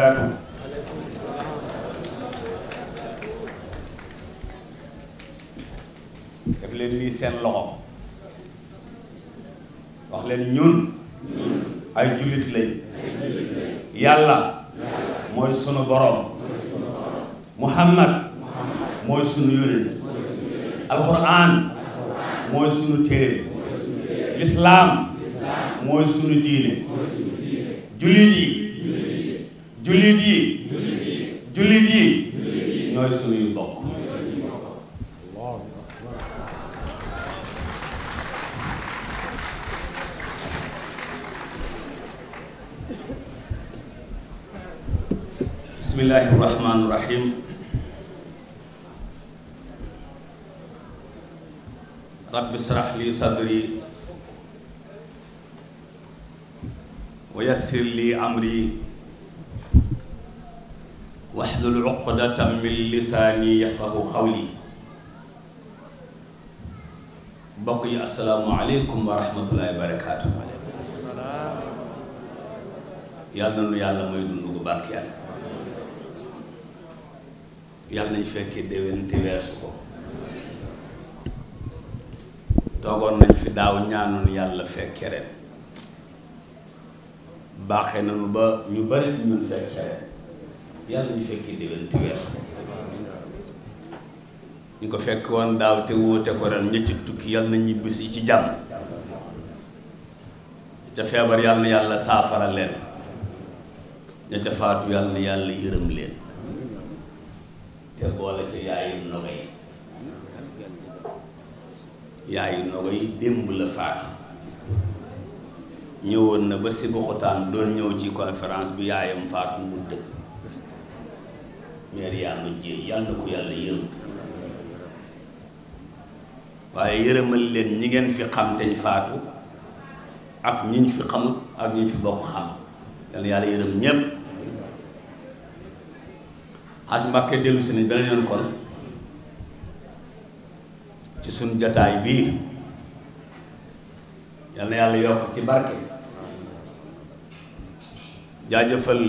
barakaatu def leen nii seen loxo wax leen ñun ay jullit lañ yàlla mooy sunu boroom muhammad mooy sunu yónent alxuraan mooy sunu téere lislaam mooy sunu diine jullit yi jullit yi jullit yi ñooy suñuy bokk bismillahi rahmaani rahim rabbi srah li sadri wa yassir li amri waxlul uqdatam min lisaani yafqahu qawli mbokk yi asalaamualeykum wa rahmatullahi wa barakaatu. yàlla na nu yàlla mooy dund gu barke yàlla. yàlla fekkee déwén te ko. toogoon nañ fi daaw ñaanoon yàlla fekke ren. baaxee na ba ñu bari ñun fekke ren. yàlla ñu fekki déwén te ñu ko fekk woon daaw te wóote ko ren ña ci tukki yàlla na ñibbisi ci jàmm ca feebar yàlla na yàlla saafara leen ña ca faatu yàlla na yàlla yërëm leen te boole ca yaayu nogo yi yaayu nogo yi démb la faatu ñëwoon na ba si boxotaan doon ñëw ci conférence bi yaayam faatu mu dëkk meer yaa ma jéey yàlla na ko yàlla yërëm waaye yërëmal leen ñi ngeen fi xam teñ faatu ak ñiñ fi xamut ak ñiñ fi bokk xam yàlla yàlla yërëm ñépp xas mbàkke dellu si nañ beneen yoon kon ci suñu jataay bii yàlla yàlla yokk ci barke jaajëfal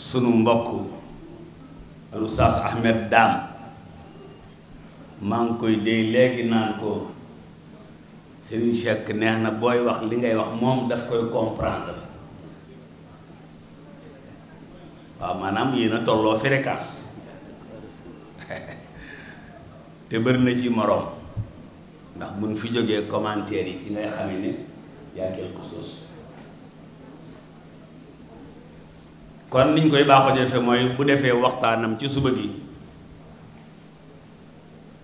sunu mbokk al Oustaz Ahmed Dame maa koy dey léegi naan ko Serigne Cheikh neex na booy wax li ngay wax moom daf koy comprendre waaw maanaam yéen a tolloo fréquence te bëri na ci moroom ndax buñ fi jógee commentaire yi ci ngay xamee ne yaa quelque chose kon niñ koy baaxoo defe mooy bu defee waxtaanam ci suba gi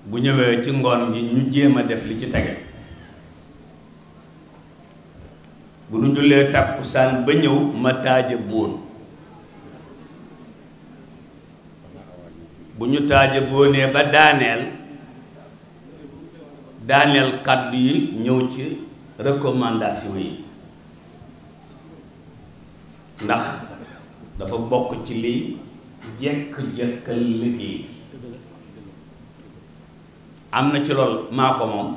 bu ñëwee ci ngoon gi ñu jéem a def li ci tege bu nu jullee tàkkusaan ba ñëw ma taaja boon bu ñu taaja boonee ba daaneel daaneel kàddu yi ñëw ci recommandation yi ndax dafa bokk ci liy jekk-jekkal liggéey am na ci lool maa ko moom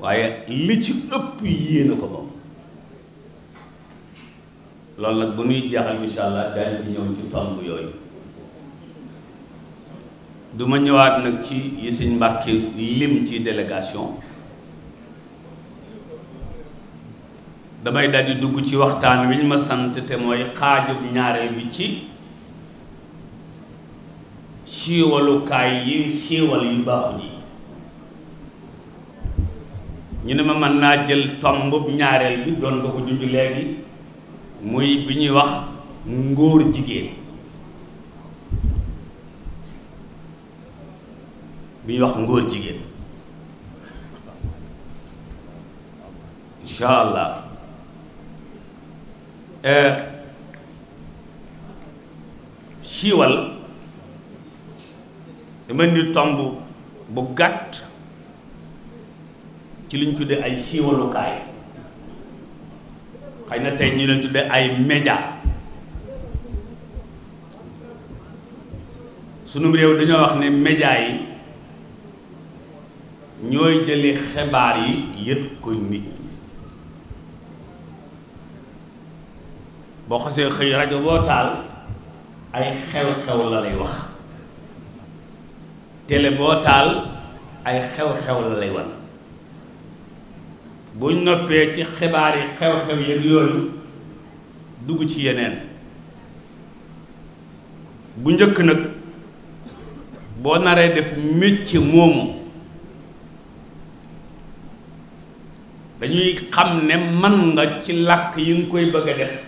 waaye li ci ëpp yéena ko moom loolu nag bu nuy jeexal insha allah daañu ci ñëw ci tomb yooyu du ñëwaat nag ci yi sëñ Mbàkke lim ci délégation damay daldi dugg ci waxtaan wi ñu ma sant te mooy xaajub ñaareel bi ci siiwalukaay yi siiwal yu baaxul yi ñu ne ma mën naa jël tombub ñaareel bi doon nga ko junj léegi muy bi ñuy wax ngóor jigéen bi ñuy wax ngóor jigéen incha Euh, siiwal dama ni tomb bu gàtt ci liñ tuddee ay siiwalukaay xëy na tey ñu leen tuddee ay média sunu réew dañoo wax ni média yi ñooy jëli xibaar yi yët ko nit boo xasee xëy rajo boo taal ay xew-xew la lay wax télé boo taal ay xew-xew la lay wan buñ noppee ci xibaar yi xew-xew yëg yooyu dugg ci yeneen bu njëkk nag boo naree def métier moomu dañuy xam ne mën nga ci làkk yi nga koy bëgg def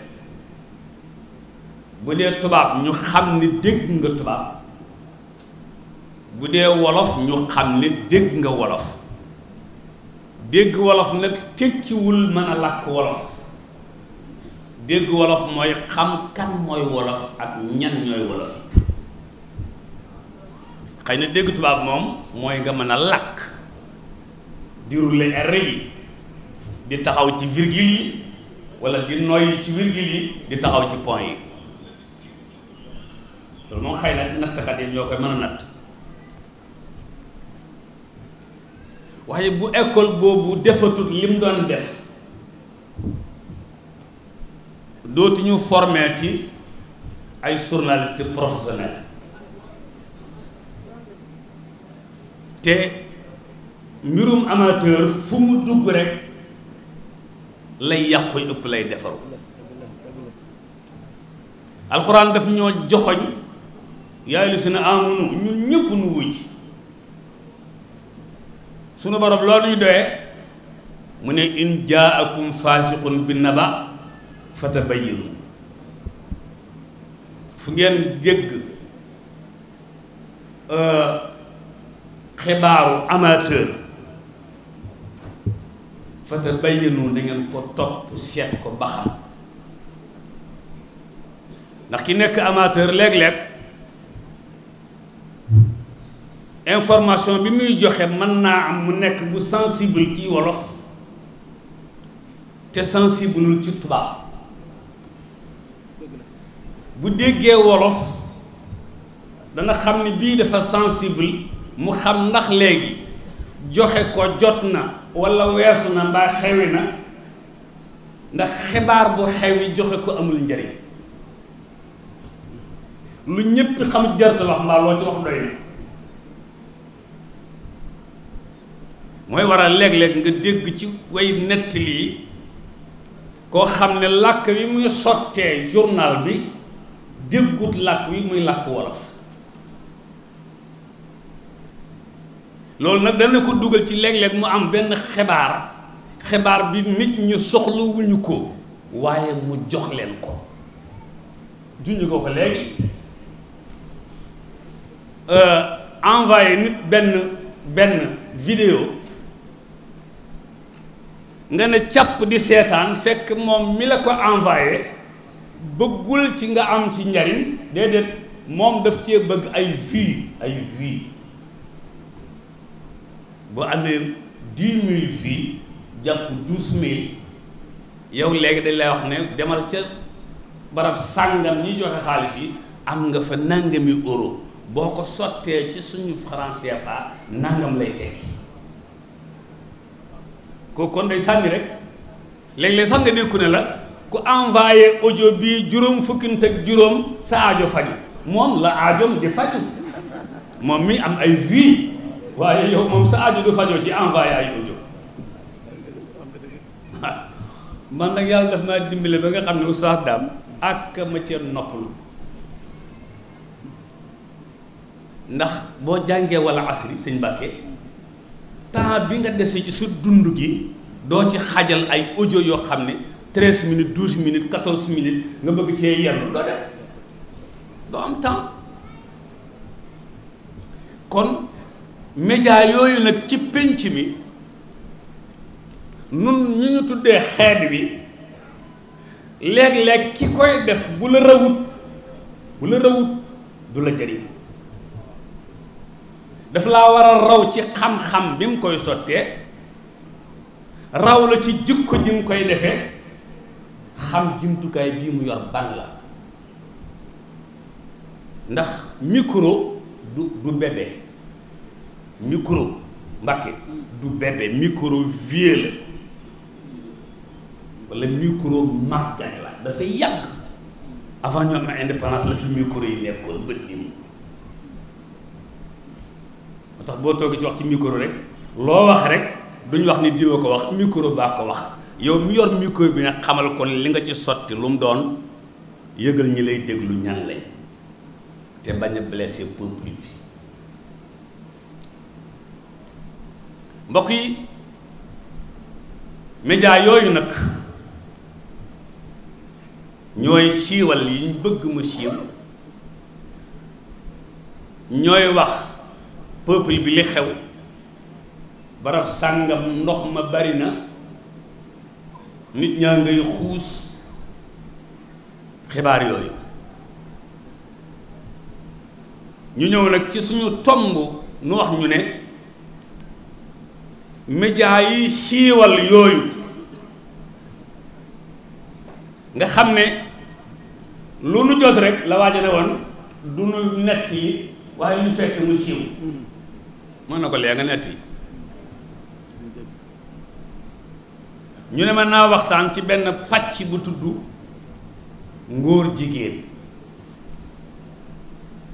bu dee tubaab ñu xam ni dégg nga tubaab bu dee wolof ñu xam ne dégg nga wolof dégg wolof nag tekkiwul mën a làkk wolof dégg wolof mooy xam kan mooy wolof ak ñan ñooy wolof xëy na dégg tubaab moom mooy nga mën a làkk di rouler r yi di taxaw ci virgule yi walla di noyyi ci virgule yi di taxaw ci point yi loolu moom xëy nattkat yi ñoo koy mën a natt waaye bu école boobu defatut li doon def dootuñu formé ci ay journaliste professionnel te mbirum amateur fu mu dugg rek lay yàqu ëpp lay defaru alxuraan daf ñoo joxoñ yaay lu si ne amunu ñun ñëpp nu wuy sunu borom loolu ñu doyee mu ne in jaakum faasiqun bi naba fatabayyanu fu ngeen dégg xibaaru amateur fatabayyanu da ngeen ko topp seet ko ba ndax ki nekk amateur léeg-léeg information bi muy joxe mën naa am mu nekk bu sensible ci wolof te sensible ci tubaab bu déggee wolof dana xam ni bii dafa sensible mu xam ndax léegi joxe ko jot na walla weesu na mbaa xewi na ndax xibaar bu xewi joxe ko amul njëriñ lu ñépp xam jarta wax mbaa loo ci wax doy na mooy waral léeg-léeg nga dégg ci way nettali yi koo xam ne làkk wi muy sottee journal bi déggut làkk wi muy làkk wolof loolu nag dana ko dugal ci léeg-léeg mu am benn xibaar xibaar bi nit ñu soxlawuñu ko waaye mu jox leen ko juñu ko ko léegi euh, envoyé nit benn benn vidéo nga ne càpp di seetaan fekk moom mi la ko envoyé bëggul ci nga am ci njariñ déedéet moom def cee bëgg ay vues ay vues bu amee dix mille vues jàpp douze mille yow léegi dañ lay wax ne demal ca barab sàngam ñi joxe xaalis yi am nga fa nangami euro boo ko sottee ci suñu franc CFA nangam lay tekki kooku kon day sànni rek léeg-léeg sax nga dékku ne la ku envoyé audio bii juróom fukki ak juróom sa aajo faju moom la aajoom di faju moom mii am ay vues waaye yow moom sa aajo du fajoo ci envoyé ay audio man nag yàlla daf maa dimbale ba nga xam ne oustaz daam ak ma cee noppalu ndax boo jàngee wala asri sëñ Mbàkke temps bi nga desee ci sa dund gi doo ci xajal ay audio yoo xam ni treize minutes douze minutes quatorze minutes nga bëgg cee yenn doo def doo am temps kon média yooyu nag ci pénc mi nun ñu ñu tuddee xeet bi léeg-léeg ki koy def bu la rawut bu la rawut du la jëriñ daf laa war a raw ci xam-xam bi nga koy sottee raw la ci jikko ji nga koy defee xam jumtukaay bii mu yor ban la ndax mikro du du bébé micro mbàkke du bébé micro vieux la wala micro màggane la dafay yàgg avant ñoo am indépendance la fi micro yi nekkoon bët yi ndax boo toogee ci wax ci micro rek loo wax rek duñ wax ni diwa ko wax micro baa ko wax yow mi yor micro bi nag xamal ko li nga ci sotti lu doon yëgal ñi lay déglu ñan te bañ a blessé peuple bi mbokk yi média yooyu nag ñooy siiwal yi ñu bëgg mu siiw ñooy wax peuple bi li xew barab sàngam ndox ma bari na nit ñaa ngay xuus xibaar yooyu ñu ñëw nag ci suñu tomb nu wax ñu ne média yi siiwal yooyu nga xam ne lu nu jot rek la waaja ne woon du nu nett yi waaye ñu fekk mu siiw mën na ko lee nga netti ñu ne mën naa waxtaan ci benn pàcc bu tudd ngóor jigéen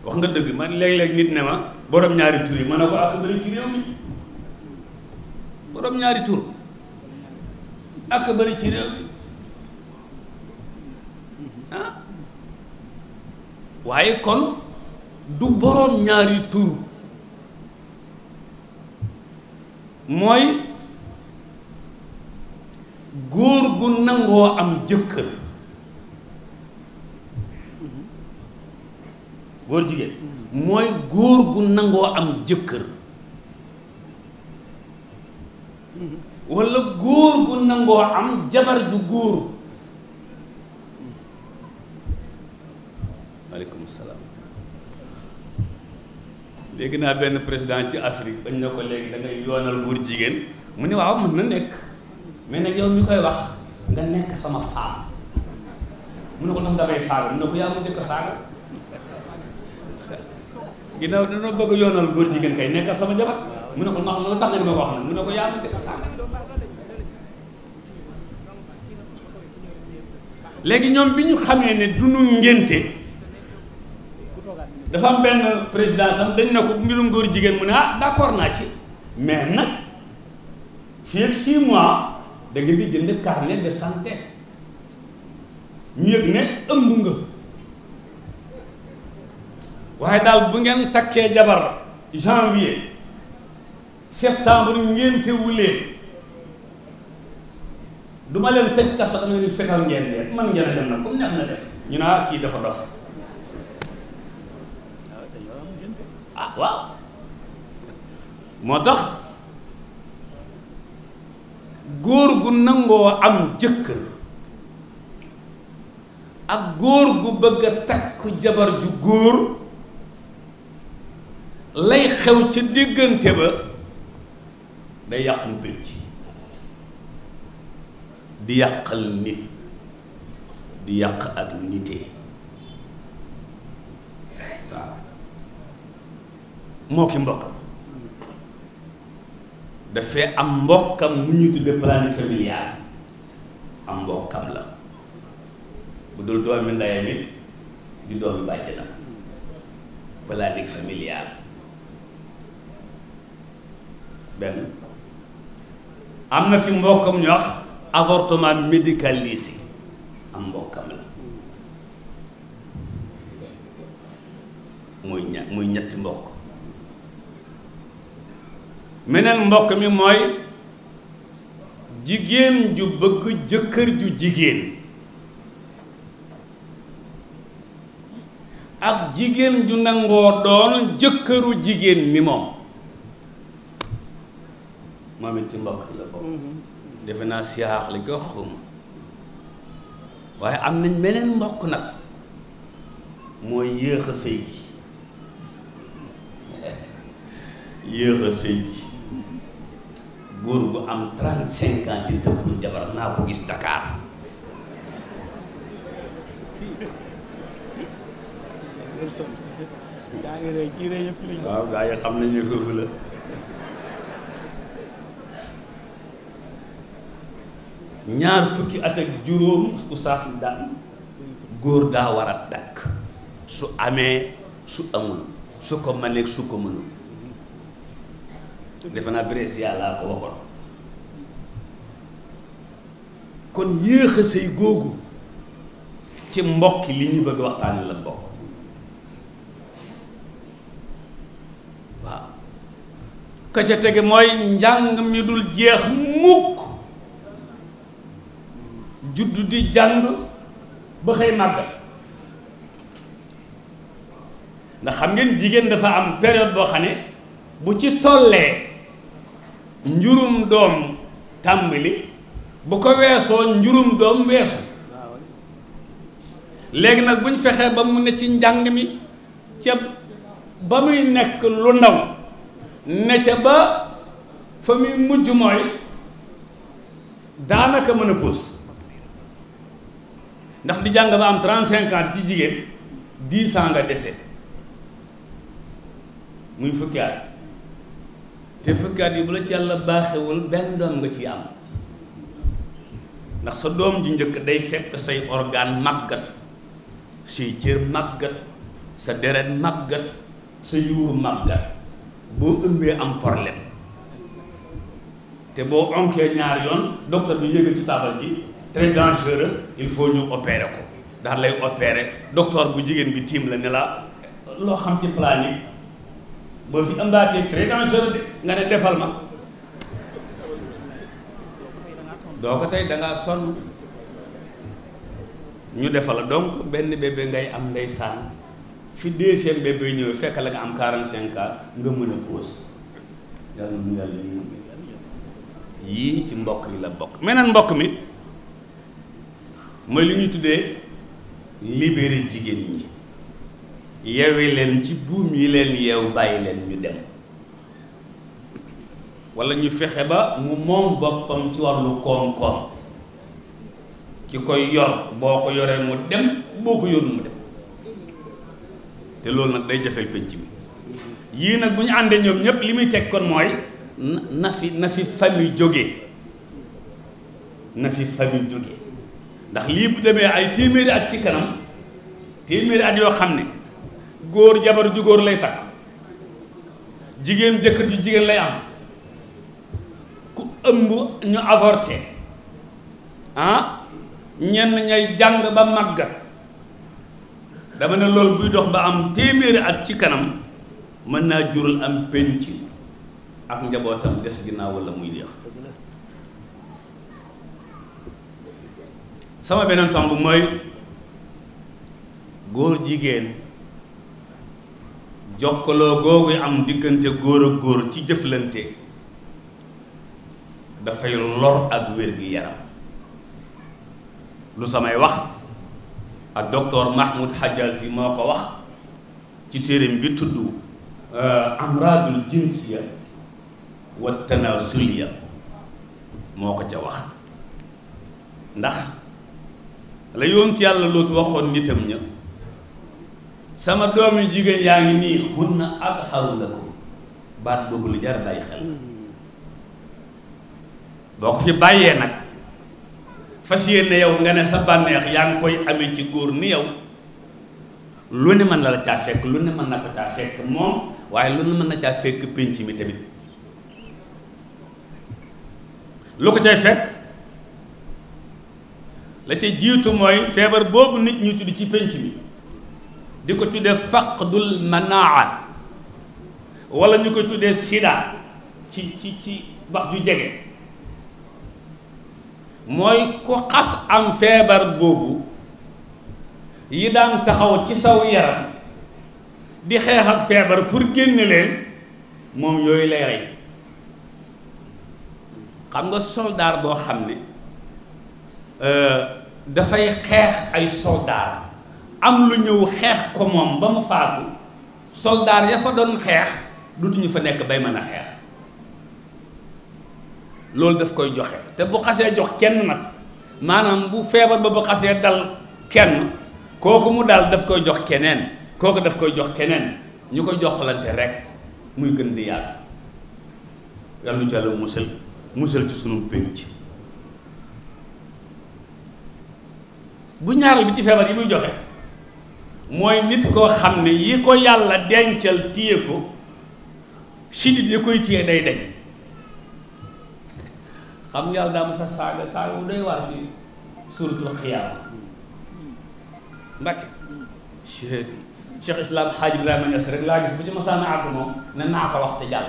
wax nga dëgg man léeg-léeg nit ne ma borom ñaari tur yi mën na ko ak ah, bëri ci réew mi borom ñaari tur ak bëri ci réew mi ah. waaye kon du borom ñaari tur mooy góor gu nangoo am jëkkër góor jigéen mooy góor gu nangoo am jëkkër walla góor gu nangoo am jabar ju góor aleykum salaam léegi naa benn président ci Afrique bañ na ko léegi da ngay yoonal góor jigéen mu ne waaw mën na nekk mais nag yow mi koy wax nga nekk sama femme mu ne ko tax damay saaga mu ne ko yaa mu dëkk saaga ginnaaw dina bëgg yoonal góor jigéen kay nekkal sama jabar mu ne ko ndax loolu tax nga di ma wax mu ne ko yaa mu dëkk saaga léegi ñoom bi ñu xamee ne du ñu ngénte dafa am benn président tam ne ko mbirum góor jigéen mu ne ah d'accord naa ci mais nag fii ak 6 mois da ngeen di jënd carnet de santé ñu yëg ne ëmb nga waaye daal bu ngeen takkee jabar janvier septembre ngénte wulee duma leen tëj kaso dama leen fetal ngeen de man ngeen dem na comme na def ñu ne ah kii dafa dof Ah, waaw moo tax góor gu nangoo am jëkkër ak góor gu bëgga a takk jabar ju góor lay xew ca diggante ba day yàqum pénc di yàqal nit di yàq ak nitee moo ki mbokkam dafee am mbokkam mu ñu tudde planning familial am mbokkam la bu dul doomi ndeyam it di doomi bàjjanam planning familial benn am na fi mbokkam ñu wax avortement médicalisé am mbokkam la muy ña muy ñetti mbokk meneen mbokk mi mooy jigéen ju bëgg jëkkër ju jigéen ak jigéen ju nangoo doon jëkkëru jigéen mi moom moom it ci mbokk la ko mhm. defe naa siyaax li ko xuma waaye am nañ meneen mbokk nag mooy yéex a sëy góor gu am trente cinq ans ci tëkkul jabar naa ko gis Dakar waaw gaa yi xam nañu foofu la ñaar fukki at ak juróom oustaz daan góor daa war a takk su amee su amul su ko mëneeg su ko mënul defe naa Brescia laa ko waxoon kon yéex a sëy googu ci mbokk li ñu bëgg waxtaani la bokk waaw ca tege mooy njàng mi dul jeex mukk juddu di jàng ba xëy màggal ndax xam ngeen jigéen dafa am période boo xam ne bu ci tollee njurum doom tàmbali bu ko weesoo njurum doom weesu léegi nag bu ñu fexee ba mu ne ci njàng mi ca ba muy nekk lu ndaw ne ca ba fa muy mujj mooy daanaka mën a pause ndax di jàng ba am trente cinq ci jigéen dix ans nga dese muy fukki at te fukkaat yi bu la ci yàlla baaxewul benn doom nga ci am ndax sa doom ji njëkk day fekk say organe màggat say cër màggat sa deret màggat sa yuur màggat boo ëmbee am problème te boo onkee ñaar yoon docteur bi yëgal ci taabal ji très dangereux il faut ñu opérer ko daal lay opérer docteur bu jigéen bi tiim la ne la loo xam ci plan boo fi ambaatee très dangereux de nga ne defal ma doo ko tey dangaa sonn ñu defal la donc benn bébé ngay am ndeysaan fi deuxième bébé ñëw fekk la nga am quarante cinq ans nga mën a pause yii ci mbokk yi la bokk meneen mbokk mi mooy li ñuy tuddee libéré jigéen ñi yewi leen ci buum yi leen yeew bàyyi leen ñu dem wala ñu fexe ba mu moom boppam ci wàllu koom-koom ki koy yor boo ko yoree mu dem boo ko yoru mu dem te loolu nag day jafeel penc mi yii nag bu ñu àndee ñoom ñépp li muy teg kon mooy na fi na fi famille jóge na fi famille jóge ndax lii bu demee ay téeméeri at ci kanam téeméeri at yoo xam ne góor jabar ju góor lay takk jigéen jëkkër ju jigéen lay am ku ëmb ñu avorté ah ñenn ñay jàng ba màggat dama ne loolu buy dox ba am téeméeri at ci kanam mën naa jural am penc ak njabootam des ginnaaw walla muy deex sama beneen tomb mooy góor jigéen jokkaloo googu am diggante góor ak góor ci jëflante dafay lor ak wér-gi-yaram lu samay wax ak docteur Mahmoud Hajjal si moo ko wax ci téere bi tudd euh, amradul jinsiya wa tanasuliya moo ko ca wax ndax la yoon ci yàlla lootu waxoon nitam ña sama doomi jigéen yaa ngi nii hunna atharu lakum baat boobu lu jar bàyyi xel boo ko fi bàyyee nag fas ne yow nga ne sa bànneex yaa ngi koy amee ci góor ni yow lu ne mën na la caa fekk lu ne mën na ko caa fekk moom waaye lu ne mën na caa fekk pénc mi tamit lu ko cay fekk la ca jiitu mooy feebar boobu nit ñu tudd ci pénc mi di ko def tuddee faqdul manaa wala ñu ko tuddee sida ci ci ci wax ju jege mooy ku xas am feebar boobu yi daan taxaw ci saw yaram di xeex ak feebar pour génn leen moom yooyu lay rey xam nga soldaar boo xam ne euh, dafay xeex ay soldaar am lu ñëw xeex ko moom ba mu faatu soldaar ya fa doon xeex dutuñu fa nekk bay mën a xeex loolu daf koy joxe te bu xasee jox kenn nag maanaam bu feebar ba bu xasee dal kenn kooku mu dal daf koy jox keneen kooku daf koy jox keneen ñu ko joxlante rek muy gën di yaatu yàlla nu jàll musal musal ci sunu pénc bu ñaaral bi ci feebar yi muy joxe mooy nit koo xam ne yi ko yàlla dencal téye ko sidit yi koy téye day deñ xam nga yàlla daa mos a saaga saaga bu doy waar ci suratul xiyaama mbakke cheikh cheikh islam xaaj ibrahima ñas rek laa gis bu ci masaan àgg moom ne naa ko wax te jàll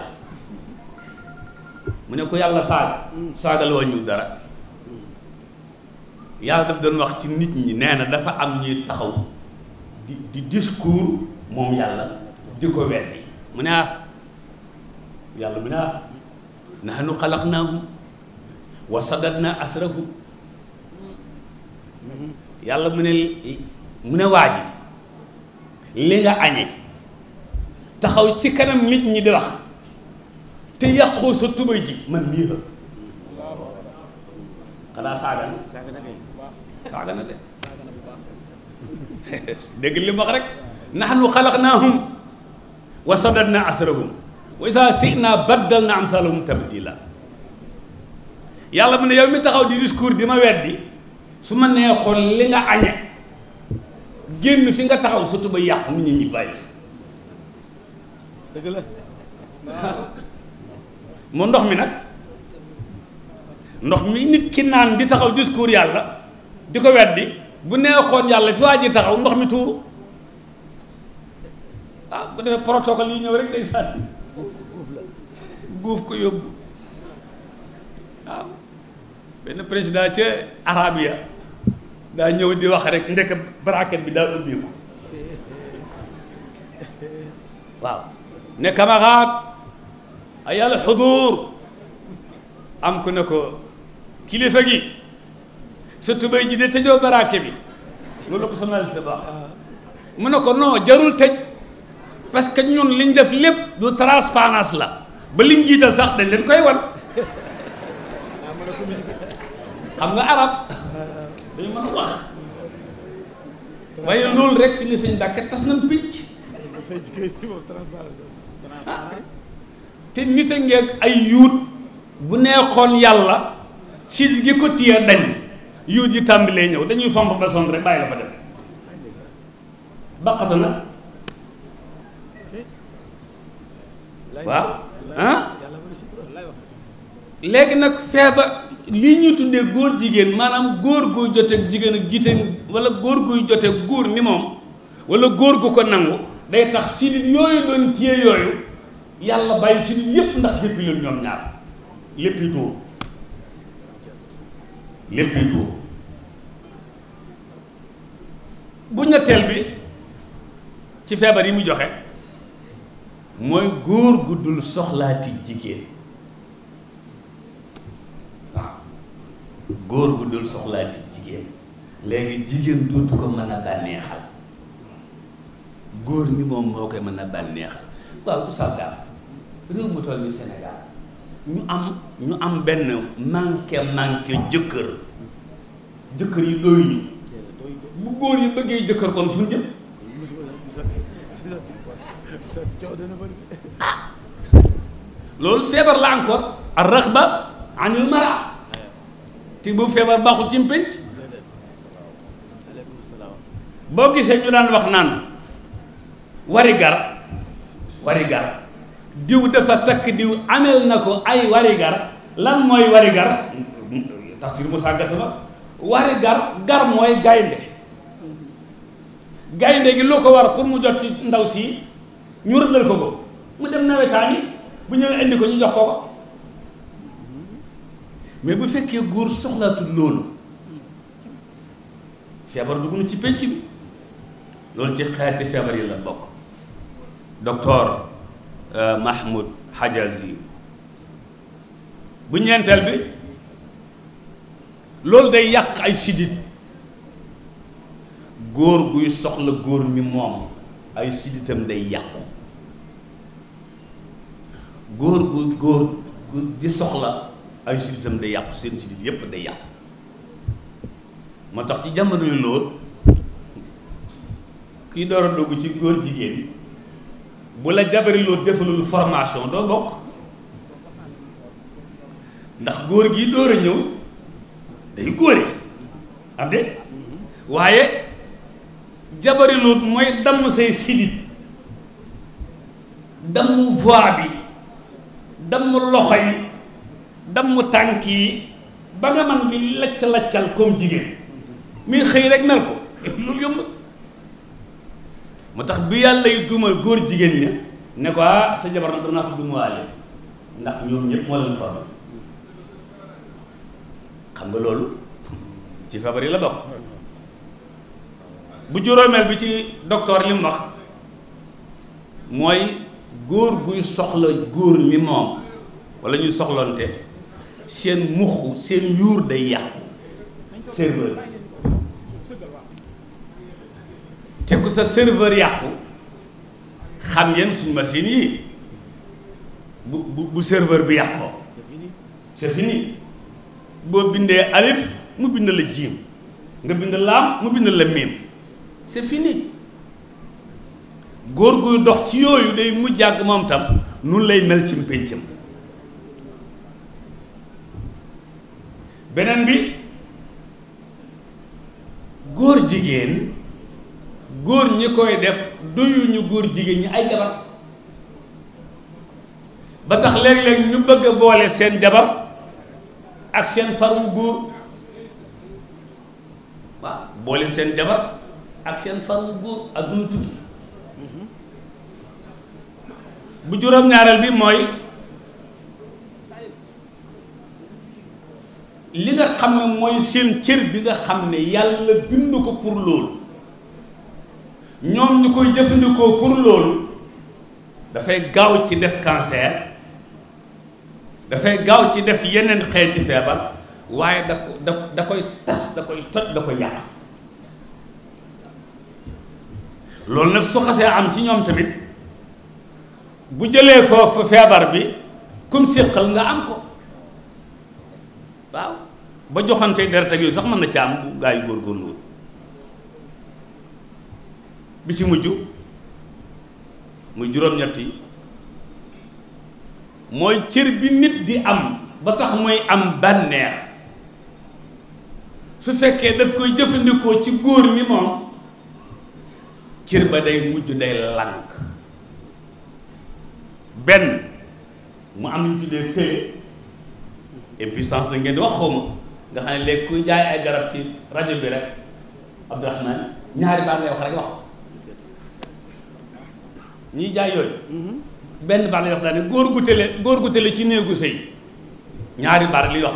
mu ne ko yàlla saaga saagal wàññiwul dara yàlla daf doon wax ci nit ñi nee na dafa am ñuy taxaw di di discours moom yàlla di ko weddi mu ne ah yàlla mu ne ah nahnu xalaqnaahum wa sadadna asrahum yàlla mu ne mu ne waa li nga añee taxaw ci kanam nit ñi di te yàqoo sa tubay man mii la xanaa saaga na saaga de dégg li mu wax rek nahnu xalaqnaahum wa sadadna asrahum wa isa sina baddal tamit amsalahum tabdila yàlla mu na yow mi taxaw di discours di ma weddi su ma neexoon li nga añe génn fi nga taxaw surtout ba yàqu nit ñi bàyyi dëgg la moo ndox mi nag ndox mi nit ki naan di taxaw discours yàlla di ko weddi bu neexoon yàlla fi waa ji taxaw ndox mi tuuru ah bu defee protocole yi ñëw rek day sànni guuf ko yóbbu benn président ca arabia daa ñëw di wax rek ndekk braquet bi daa ubbiku waaw ne camarade ay yàlla xudur am ku ne ko kilifa gi sa tubéy ji de tëjoo baraake bi loolu la ko journaliste mu ne ko non jarul tëj parce que ñun liñ def lépp du transparence la ba liñ jiital sax dañ leen koy wan xam nga arab waaye loolu rek fi ñu sëñ Mbàkke tas nañ picc te nit a ngeeg ay yuut bu neexoon yàlla si gi ko téye dañ yuut yi tàmbalee ñëw dañuy fomp ba sonn rek bàyyi la fa dem baqata na waaw ah léegi nag feeba li ñu tuddee góor jigéen maanaam góor guy joteeg jigéen ak jiite wala góor guy joteeg góor ni moom wala góor gu ko nangu day tax sidit yooyu doon téye yooyu yàlla bàyyi sidit yépp ndax jëppi leen ñoom ñaar lépp yi tuur lépp yi tuur bu ñetteel bi ci feebar yi mu joxe mooy góor gu dul soxlaati jigéen waaw góor gu dul soxlaati jigéen léegi jigéen dootu ko mën a bànneexal góor ñi moom moo koy mën a bànneexal waaw bu sàggaam réew mu toll ni Sénégal ñu am ñu am benn manqué manqué jëkkër jëkkër yi doy ñu bu góor yi bëggee jëkkër kon fu loolu feebar la ko ar raxba anil mara te bu feebar baaxul ci pénc boo gisee ñu daan wax naan wari gar diw dafa takk diw amel na ko ay warigar lan mooy warigar tafsir Moussa Gassama warigar gar mooy gaynde gaynde gi lu ko war pour mu jot ci ndaw si ñu rëddal ko ko mu dem nawetaan yi bu ñëwee indi ko ñu jox ko ko mais bu fekkee góor soxlaatul loolu feebar dugg na ci penc loolu ci xeeti feebar yi la bokk docteur Euh, Mahmoud Hajazi bu ñeenteel bi loolu day yàq ay sidit góor guy soxla góor mi moom ay siditam day yàqu góor gu góor di soxla ay siditam day yàqu seen sidit yépp day yàqu moo tax ci jamono yu lool kiy door a dugg ci góor jigéen bu la jabariloo defalul formation doo bokk ndax góor gi dóor a ñëw day góore am de waaye jabariluut mooy damm say sidit damm voix bi damm loxo yi damm tànk yi ba nga man li lacc-laccal comme jigéen muy xëy rek mel ko loolu yomb moo tax bi yàlla yu dumal góor jigéen ña ne ko ah sa jabar nag danaa ko dumuwaale ndax ñoom ñëpp moo leen formé xam nga loolu ci feebar yi la bokk bu juróomeel bi ci docteur yi mu mooy góor guy soxla góor mi walla ñu ñuy soxlonte seen mux seen yuur day yàqu seen te ku sa serveur yàqu xam ngeen suñ machine yi bu bu bu serveur bi yàqoo c'est fini boo bindee alif mu bind la jiim nga bind laam mu bind la miim c'est fini góor guy dox ci yooyu day mujj ak moom tam nun lay mel ci péncam beneen bi góor jigéen góor ñi koy def doyuñu góor jigéen ñi ay jabar ba tax léeg-léeg ñu bëgg boole seen jabar ak seen faru góor waaw boole seen jabar ak seen faru góor adduna tukki bu juróom ñaaral bi mooy li nga xam ne mooy seen cër bi nga xam ne yàlla bind ko pour loolu ñoom ñu koy jëfandikoo pour loolu dafay gaaw ci def cancer dafay gaaw ci def yeneen xeeti feebar waaye da da da koy tas da koy toj da koy yàq loolu nag su am ci ñoom tamit bu jëlee foofu feebar bi kum séqal nga am ko waaw ba joxante deret ak yooyu sax mën na ci am bu gaa yu góorgóorlu bi ci mujj muy juróom-ñett mooy cër bi nit di am ba tax muy am bànneex su fekkee daf koy jëfandikoo ci góor mi moom cër ba day mujj day lànk benn mu am ñu tuddee téye impuissance la ngeen di wax xaw ma nga xam ne léegi kuy jaay ay garab ci rajo bi rek Abdourahmane ñaari baax ngay wax rek wax ñuy jaay yooyu mhm. benn baar la ne góor gu tële tële ci néegu sëy ñaari baar li wax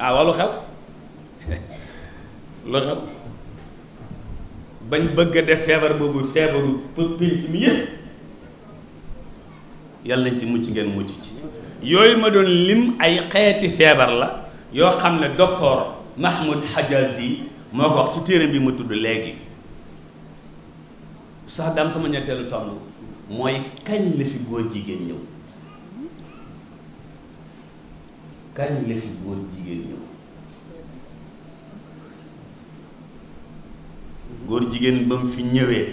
ah, bañ bëgg a def feebar boobu feebaru pénc mi nañ ci mucc ngeen mucc ci lim ay xeeti feebar la yoo xam ne docteur Mahmoud Hajazi moo ko wax ci téeram bi ma tudd léegi sax daam sama ñetteelu tomb mooy kañ la fi góor jigéen ñëw góor jigéen góor jigéen ba mu fi ñëwee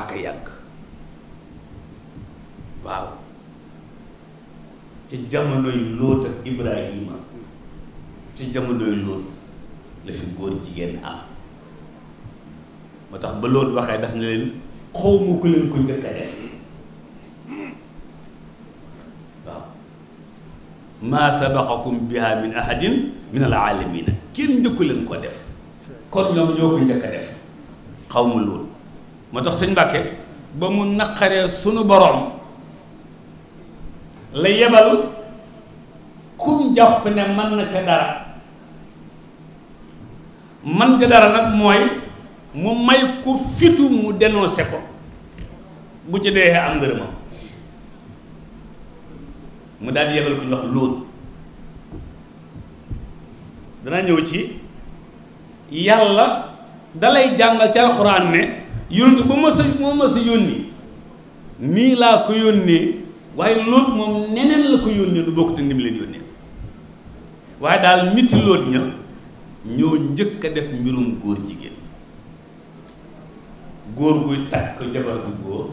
ak a yàgg waaw ci jamonoy Lóot ak Ibrahima ci jamonoy Lóot la fi góor jigéen am moo tax ba loolu waxee daf na leen xaw ma ku leen ko njëkk a def waaw maa sabaqakum biha min ahadin min al alamina kenn njëkku leen ko def kon ñoom ñoo ko njëkk def xaw ma lool moo tax sëñ Mbàkke ba mu naqaree sunu boroom la yebal ku jàpp ne mën na ca dara mën ca dara nag mooy mu may ko fitu mu dénoncé ko bu ci dee am ngërëmam mu daal di yebal ñu wax loolu dana ñëw ci yàlla dalay jàngal ci alxuraan ne yonent bu ma sa bu ma sa yónni nii laa ko yónnee waaye loolu moom neneen la ko yónnee lu bokk te ndim leen yónnee waaye daal miti loolu ña ñoo njëkk a def mbirum góor jigéen góor guy takk jabar bu góor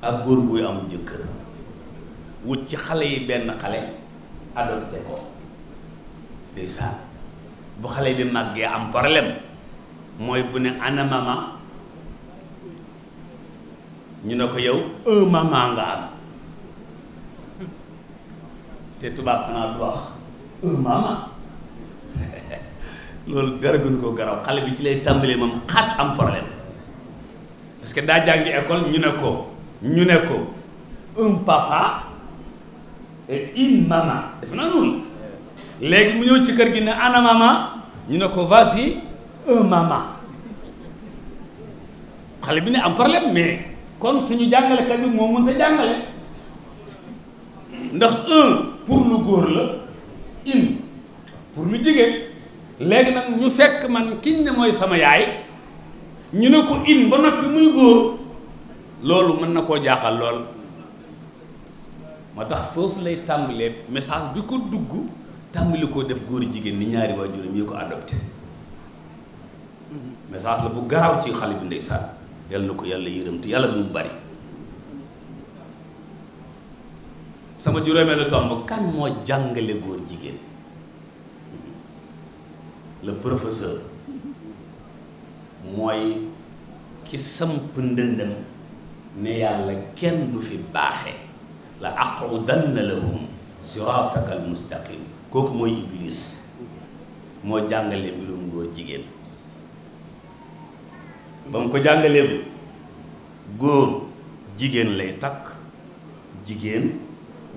ak góor guy amul jëkkër wut ci xale yi benn xale adopté ko ndeysaan bu xale bi màggee am problème mooy bu ne ana mama ñu ne ko yow un mama nga am te tubaab xanaa du wax un mama loolu dara gën koo garaw xale bi ci lay tàmbalee moom xaat am problème parce que daa jàngi école ñu ne ko ñu ne ko un papa et une maman def na noonu léegi mu ñëw ci kër gi ne ana maman ñu ne ko voici un maman xale bi ne am problème mais kon suñu jàngalekat bi moo mënta jàngale ndax un pour lu góor la une pour lu jigéen léegi nag ñu fekk man kiñ ne mooy sama yaay ñu ne ko in ba noppi muy góor loolu mën na koo jaaxal lool moo tax foofu lay tàmbalee message bi ko dugg tàmbali koo def góor jigéen ni ñaari waajuram yi ko adopté message la bu garaaw ci xale bi ndeysaan yàlla na ko yàlla yërëm te yàlla bi mu bari sama juróomeelu tomb kan moo jàngale góor jigéen le professeur mooy ki samp ndëndam ne yàlla kenn du fi baaxe la aqudanna lahum siraataka almustaqim kooku mooy iblis moo jàngale mbirum góor jigéen ba mu ko jàngaleem góor jigéen lay takk jigéen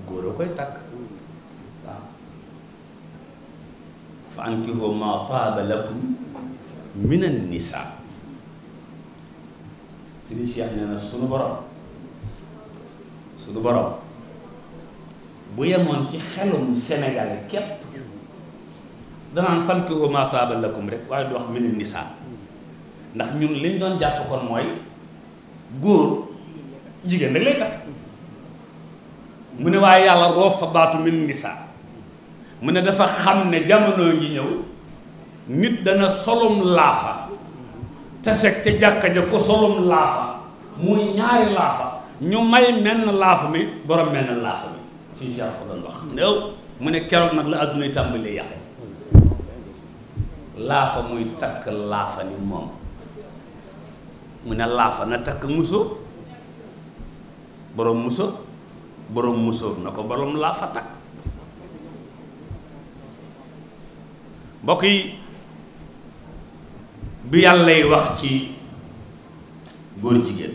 góor a koy takk waaw fa ankihu ma taaba lakum min an nisaa Sëriñ Cheikh nee na sunu borom sunu borom bu yemoon ci xelum Sénégalais képp danaan fankihu maa taaba lakum rek waaye du wax mini nisaa ndax ñun liñ doon jàpp kon mooy góor jigéen rek lay takk mu ne waaye yàlla roof fa baatu mini nisaa mu ne dafa xam ne jamono ngi ñëw nit dana solum laafa taseg ca jàkka ja ko solum laafa muy ñaari laafa ñu may menn laafa mi borom menn laafa mi suñu jar ko doon wax mu ne keroog nag la addunay tàmbali yàqu laafa muy takk laafa ni moom mu ne laafa na takk musóor borom musóor borom musóor na ko borom laafa takk mbokk yàlla yàllay wax ci góor jigéen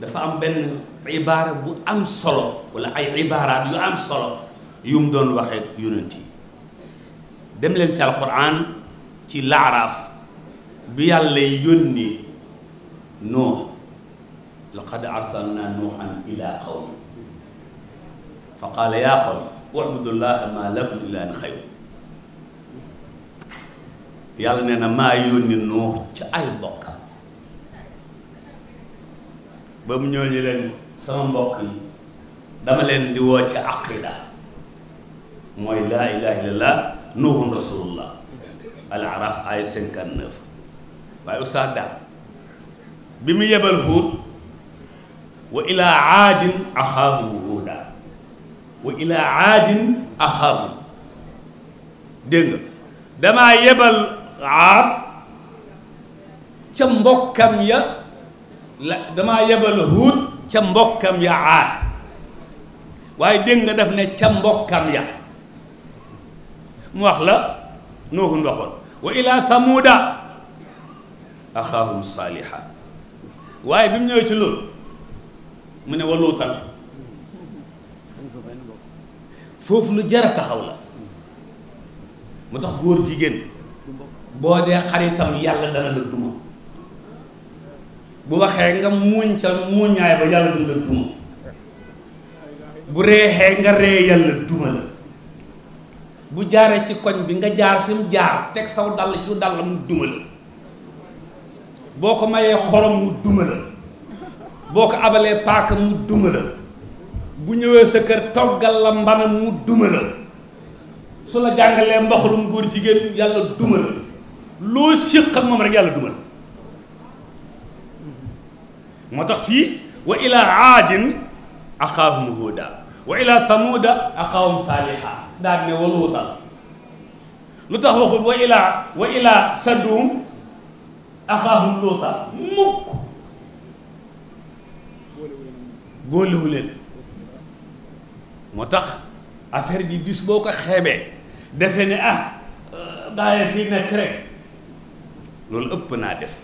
dafa am benn ibaara bu am solo walla ay ibaaraat yu am solo yu mu doon waxee yonent yi dem leen ci alquran ci laaraaf bi yàllay yónni nuux laqad arsalna nuuxan ila qawmi fa qaala yaa qawmi ubudullaha ma lakum min ilaahin xayru yàlla nee na maa yónni nuux ci ay mbokkam ba mu ñëw ñu leen sama mbokk dama leen di woo ci aqida mooy laa ilaha illallah nuuhun rasulullah al araf ay cinquante neuf waaye ustaas bi mu yebal huud wa ilaa aadin axaahum huuda wa ilaa aadin axaahum dégg damaa yebal aab ca mbokkam ya la damaa yebal huut ca mbokkam ya aad waaye dégg nga def ne ca mbokkam ya mu wax la noohun waxoon wa ila thamuuda axaahum saaliha waaye bi mu ñëwee ci loolu mu ne wa luutan foofu lu jar taxaw la mu tax góor jigéen boo dee xaritam yàlla dana la duma bu waxee nga muuñ ca muuñaay ba yàlla dana la duma bu reexee nga ree yàlla duma la bu jaaree ci koñ bi nga jaar fi jaar teg saw dàll ci dàll mu duma la boo ko mayee xorom mu duma la boo ko abalee paaka mu duma la bu ñëwee sa kër toggal la mbanam mu duma la su la jàngalee mbaxalum góor jigéen yàlla duma la loo séq ak moom rek yàlla duma la moo tax fii wa ila aadin axaahum huuda wa ila thamuuda axaahum saaliha daal ne wa luuta lu tax waxul wa ila wa ila saduum axaahum luuta mukk boolewu leen moo tax affaire bi bis boo ko xeebee defe ne ah daaya euh, fii nekk rek loolu ëpp naa def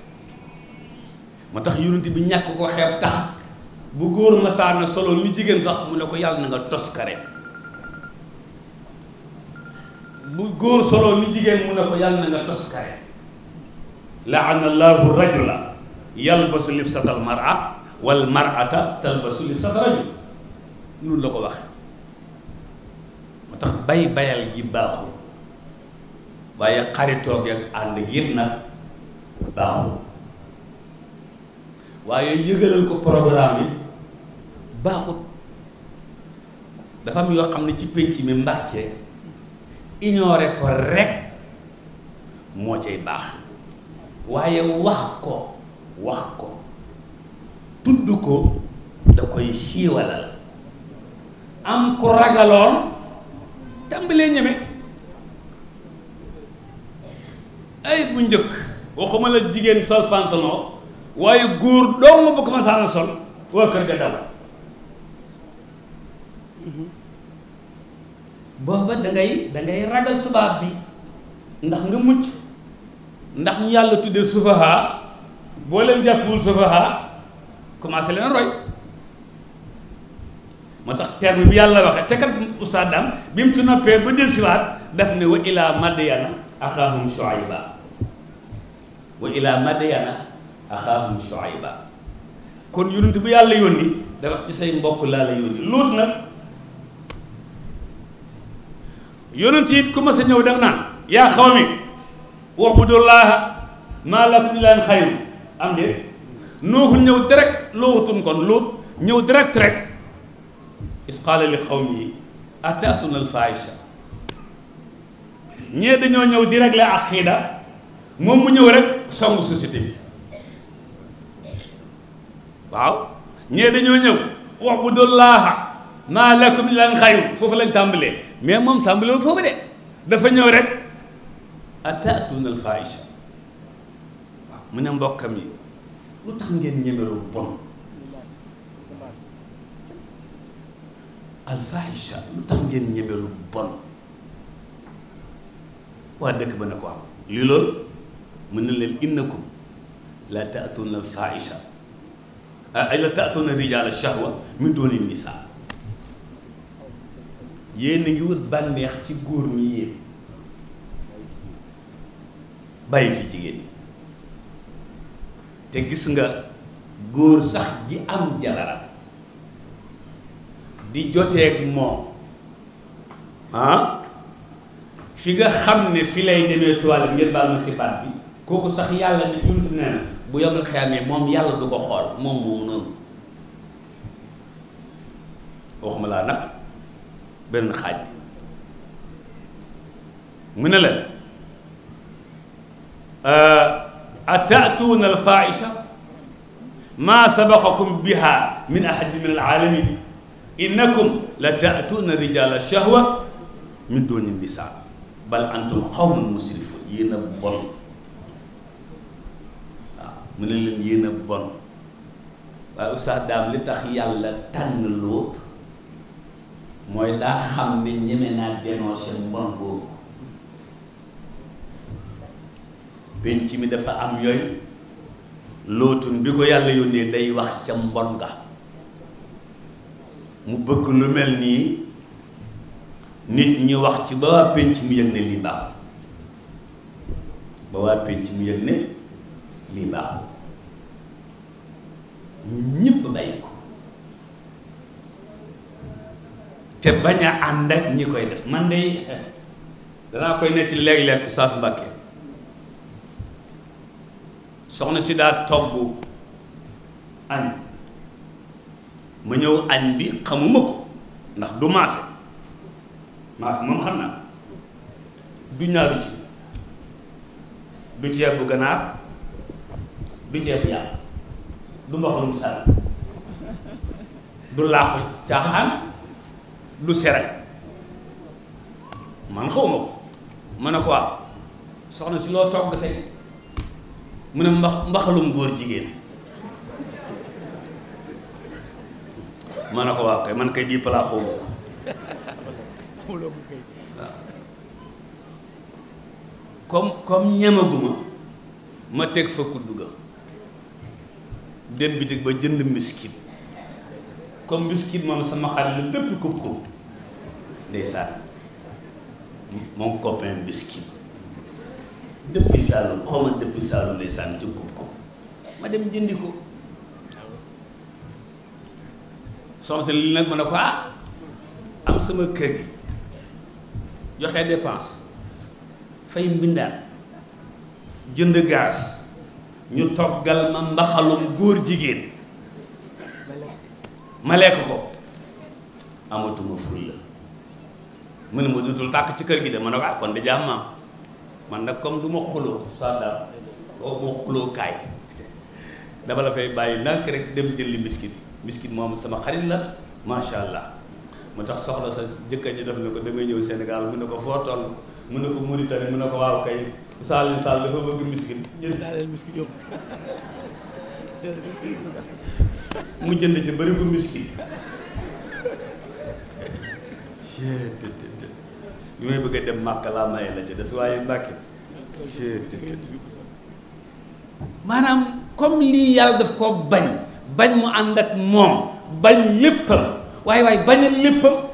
moo tax yonent bi ñàkk ko xeeb tax bu góor ma solo lu jigéen sax mu ne ko yàlla na nga toskare bu góor solo lu jigéen mu ne ko yàlla na nga toskare laana allahu rajula yalbasu libsatal mara wal marata talbasu libsata rajul noonu la ko wax moo tax bay bayal gi baaxul waaye xaritoog ak ànd gi nag baaxul waaye yëgalal ko programme yi baaxut dafa am yoo xam ne ci pénc mi Mbàkke ignoré ko rek moo cay baax waaye wax ko wax ko tudd ko da koy siiwalal am ko ragaloon tàmbalee ñeme ay bu njëkk waxuma la jigéen sol pantalon waaye góor ma bu ko masaana sol waa kër ga daba booba da ngay ragal tubaab bi ndax nga mucc ndax ñu yàlla tuddee sufaha boo leen jàppul sufaha commencé leen roy moo tax terme bi yàlla waxee te kat ustaadam bi mu ci noppee ba dellusiwaat daf ne wa ilaa madyana axaahum shuayba wa ilaa madyana axaahum shuayba kon yonent bu yàlla yónni dafa ci say mbokk laa la yónni luut nag yonent it ku ma sa ñëw def naan yaa xawmi wabudullaha maa lakum ilaahin xayru am de nooxul ñëw direct loowutum kon luut ñëw direct rek is qaala li xawmi ataatuna alfaahisha ñee dañoo ñëw di régler aqida moom mu ñëw rek songu société bi waaw ñee dañoo ñëw wax bu dul lan xayru foofu lañ tàmbalee mais moom tàmbalewul foofu de dafa ñëw rek ataatuna al faahisha waaw mu ne mbokkam yi lu tax ngeen ñemeru bon al lu tax ngeen ñemeru bon waa dëkk ba ne ko am lii loolu mën na leen innakum la taatuna alfaisha ay la taatuna rijal shahwa min dooni nisa yéen a ngi wut bànneex ci góor ñi yéen bàyyi fi jigéen te gis nga góor sax gi am jabaram di joteeg moom ah fi nga xam ne fi lay demee toile ngir baal ma ci baat bi kooku sax yàlla ne ñun nee na bu yomal xiyamee moom yàlla du ko xool moom moom noonu waxuma laa nag benn xaaj bi mu ne leen ataatuuna alfaaisha maa sabaqakum biha min ahadin min alaalamin innakum la taatuuna rijaala shahwa min dooni nisaa bal antum qawmun musrifun yéen a bon mu ne leen yéen a bon waaye Oustaz Dame li tax yàlla tànn loo mooy daa xam ne ñeme naa dénoncé mbon boobu penc mi dafa am yooyu lootun bi ko yàlla yónnee day wax ca mbon nga mu bëgg lu mel nii nit ñi wax ci ba waa penc mu yëg ne lii baax ba waa penc mu yëg ne lii baaxul ñëpp bàyyi ko te bañ a ànd ak ñi koy def man de danaa koy nekk léeg-léeg Oustaz Mbacké soxna si daa togg añ ma ñëw añ bi xamuma ko ndax du maafe maafe moom xam naa du ñaaru ci du ceebu ganaar bindeefu yàlla du mboq lu mu sànni du laaxu caaxaan du sere man xaw ko ma ne ko waaw soxna si loo togg tey mu ne mbax mbaxalum góor jigéen ma ne ko waaw kay man kay bii palaa xaw ko comme comme ñamaguma ma teg fa kudd dem bitig ba jënd mbiskit comme mbiskit moom sama xarit la lépp kub kub ndeysaan moom copain mbiskit depuis Saalum xaw ma depuis Saalum ndeysaan ci kub kub ma dem jëndi ko soxna si li nag ma ne ko ah am sama kër gi joxe dépense fay mbindaan jënd gaz ñu toggal ma mbaxalum góor jigéen ma lekk ko amatuma fulla mu ne ma dudul tàkk ci kër gi de ma ne ko ah kon de jàmm maam man nag comme du ma xuloo sadda boo ma dama la fay bàyyi nank rek dem jëli miskit miskit moom sama xarit la macha allah mu tax soxla sa jëkkër ji def na ko damay ñëw Sénégal mu ne ko foo toll mu ne ko Mauritanie mu ne ko waaw kay Saalum Sall dafa bëgg miskin mu jënd ci bëri bu miskin ñu may bëgg dem màkk laa maye la ca des waaye mbàkke maanaam comme lii yàlla daf ko bañ bañ mu ànd ak moom bañ léppam waaye waaye bañ a léppam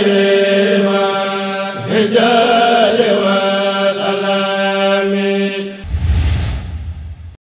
لا